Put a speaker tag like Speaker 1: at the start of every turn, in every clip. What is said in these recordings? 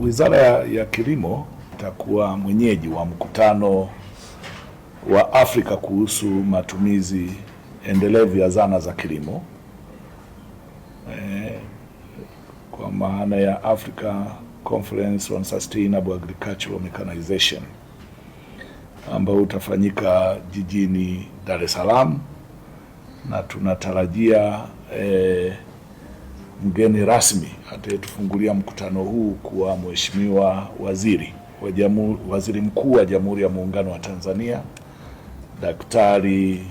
Speaker 1: Wizara ya, ya Kilimo itakuwa mwenyeji wa mkutano wa Afrika kuhusu matumizi endelevu ya zana za kilimo e, kwa maana ya Africa Conference on Sustainable Agricultural Mechanization ambao utafanyika jijini Dar es Salaam na tunatarajia e, mgeni rasmi atayetufungulia mkutano huu kuwa Mheshimiwa Waziri wa Jamhuri, Waziri Mkuu wa Jamhuri ya Muungano wa Tanzania Daktari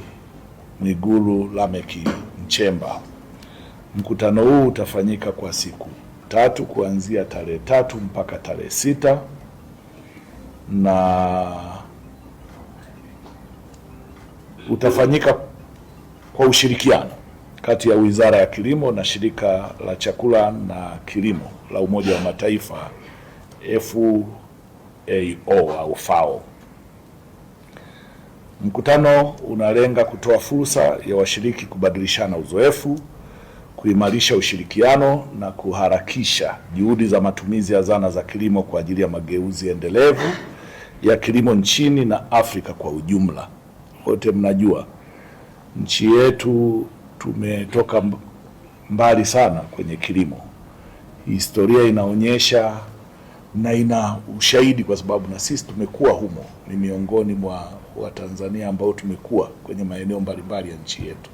Speaker 1: Mwigulu Lameki Nchemba. Mkutano huu utafanyika kwa siku tatu kuanzia tarehe tatu mpaka tarehe sita na utafanyika kwa ushirikiano kati ya Wizara ya Kilimo na Shirika la Chakula na Kilimo la Umoja wa Mataifa FAO au FAO. Mkutano unalenga kutoa fursa ya washiriki kubadilishana uzoefu, kuimarisha ushirikiano na kuharakisha juhudi za matumizi ya zana za kilimo kwa ajili ya mageuzi endelevu ya kilimo nchini na Afrika kwa ujumla. Wote mnajua nchi yetu tumetoka mbali sana kwenye kilimo. Historia inaonyesha na ina ushahidi kwa sababu na sisi tumekuwa humo, ni miongoni mwa Watanzania ambao tumekuwa kwenye maeneo mbalimbali ya nchi yetu.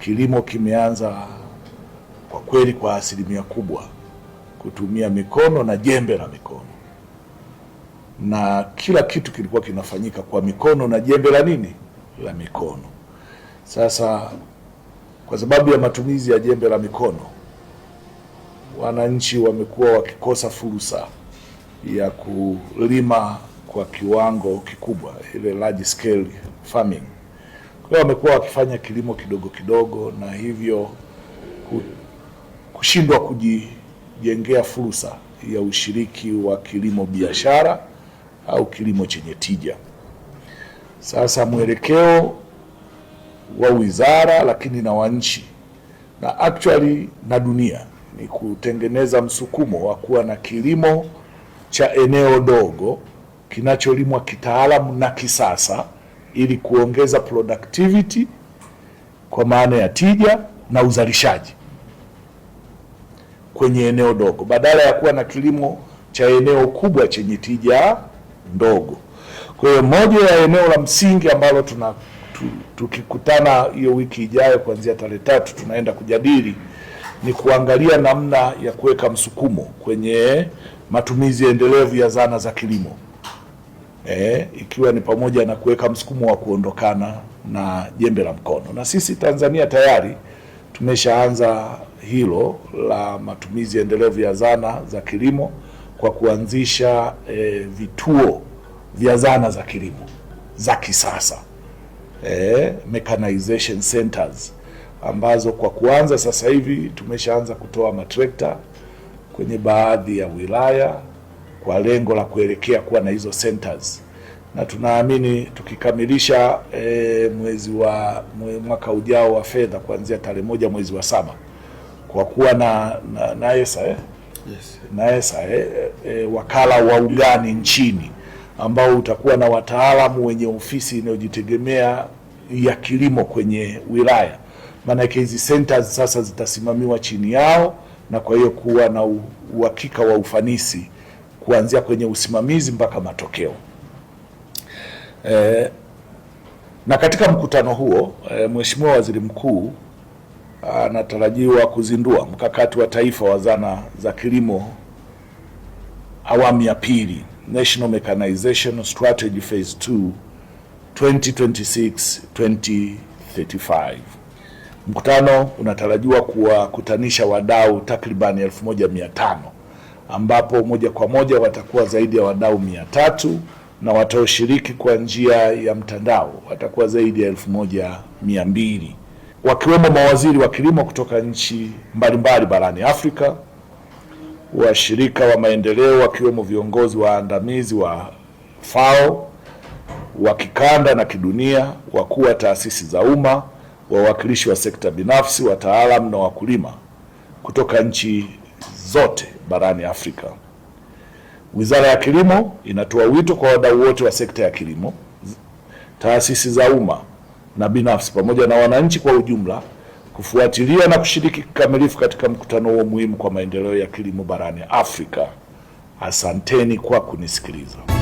Speaker 1: Kilimo kimeanza kwa kweli kwa asilimia kubwa kutumia mikono na jembe la mikono, na kila kitu kilikuwa kinafanyika kwa mikono na jembe la nini la mikono. Sasa kwa sababu ya matumizi ya jembe la mikono, wananchi wamekuwa wakikosa fursa ya kulima kwa kiwango kikubwa, ile large scale farming. Kwa hiyo wamekuwa wakifanya kilimo kidogo kidogo, na hivyo kushindwa kujijengea fursa ya ushiriki wa kilimo biashara au kilimo chenye tija. Sasa mwelekeo wa wizara lakini na wanchi na actually na dunia ni kutengeneza msukumo wa kuwa na kilimo cha eneo dogo kinacholimwa kitaalamu na kisasa ili kuongeza productivity kwa maana ya tija na uzalishaji kwenye eneo dogo, badala ya kuwa na kilimo cha eneo kubwa chenye tija ndogo. Kwa hiyo moja ya eneo la msingi ambalo tuna tukikutana hiyo wiki ijayo kuanzia tarehe tatu tunaenda kujadili ni kuangalia namna ya kuweka msukumo kwenye matumizi endelevu ya zana za kilimo e, ikiwa ni pamoja na kuweka msukumo wa kuondokana na jembe la mkono. Na sisi Tanzania tayari tumeshaanza hilo la matumizi endelevu ya zana za kilimo kwa kuanzisha e, vituo vya zana za kilimo za kisasa eh, mechanization centers ambazo kwa kuanza sasa hivi tumeshaanza kutoa matrekta kwenye baadhi ya wilaya kwa lengo la kuelekea kuwa na hizo centers, na tunaamini tukikamilisha eh, mwezi wa mwe, mwaka ujao wa fedha kuanzia tarehe moja mwezi wa saba kwa kuwa na na, na, esa, eh? Yes. na esa, eh? Eh, wakala wa ugani nchini ambao utakuwa na wataalamu wenye ofisi inayojitegemea ya kilimo kwenye wilaya, maanake hizi centers sasa zitasimamiwa chini yao, na kwa hiyo kuwa na uhakika wa ufanisi kuanzia kwenye usimamizi mpaka matokeo e. Na katika mkutano huo e, Mheshimiwa Waziri Mkuu ah, anatarajiwa kuzindua mkakati wa taifa wa zana za kilimo awamu ya pili. National Mechanization Strategy Phase 2 2026-2035. Mkutano unatarajiwa kuwakutanisha wadau takribani 1500 ambapo moja kwa moja watakuwa zaidi ya wadau 300 na wataoshiriki kwa njia ya mtandao watakuwa zaidi ya 1200 wakiwemo mawaziri wa kilimo kutoka nchi mbalimbali barani Afrika washirika wa maendeleo wakiwemo viongozi waandamizi wa FAO wa kikanda na kidunia, wakuu wa taasisi za umma, wawakilishi wa sekta binafsi, wataalam na wakulima kutoka nchi zote barani Afrika. Wizara ya Kilimo inatoa wito kwa wadau wote wa sekta ya kilimo, taasisi za umma na binafsi, pamoja na wananchi kwa ujumla kufuatilia na kushiriki kikamilifu katika mkutano huo muhimu kwa maendeleo ya kilimo barani Afrika. Asanteni kwa kunisikiliza.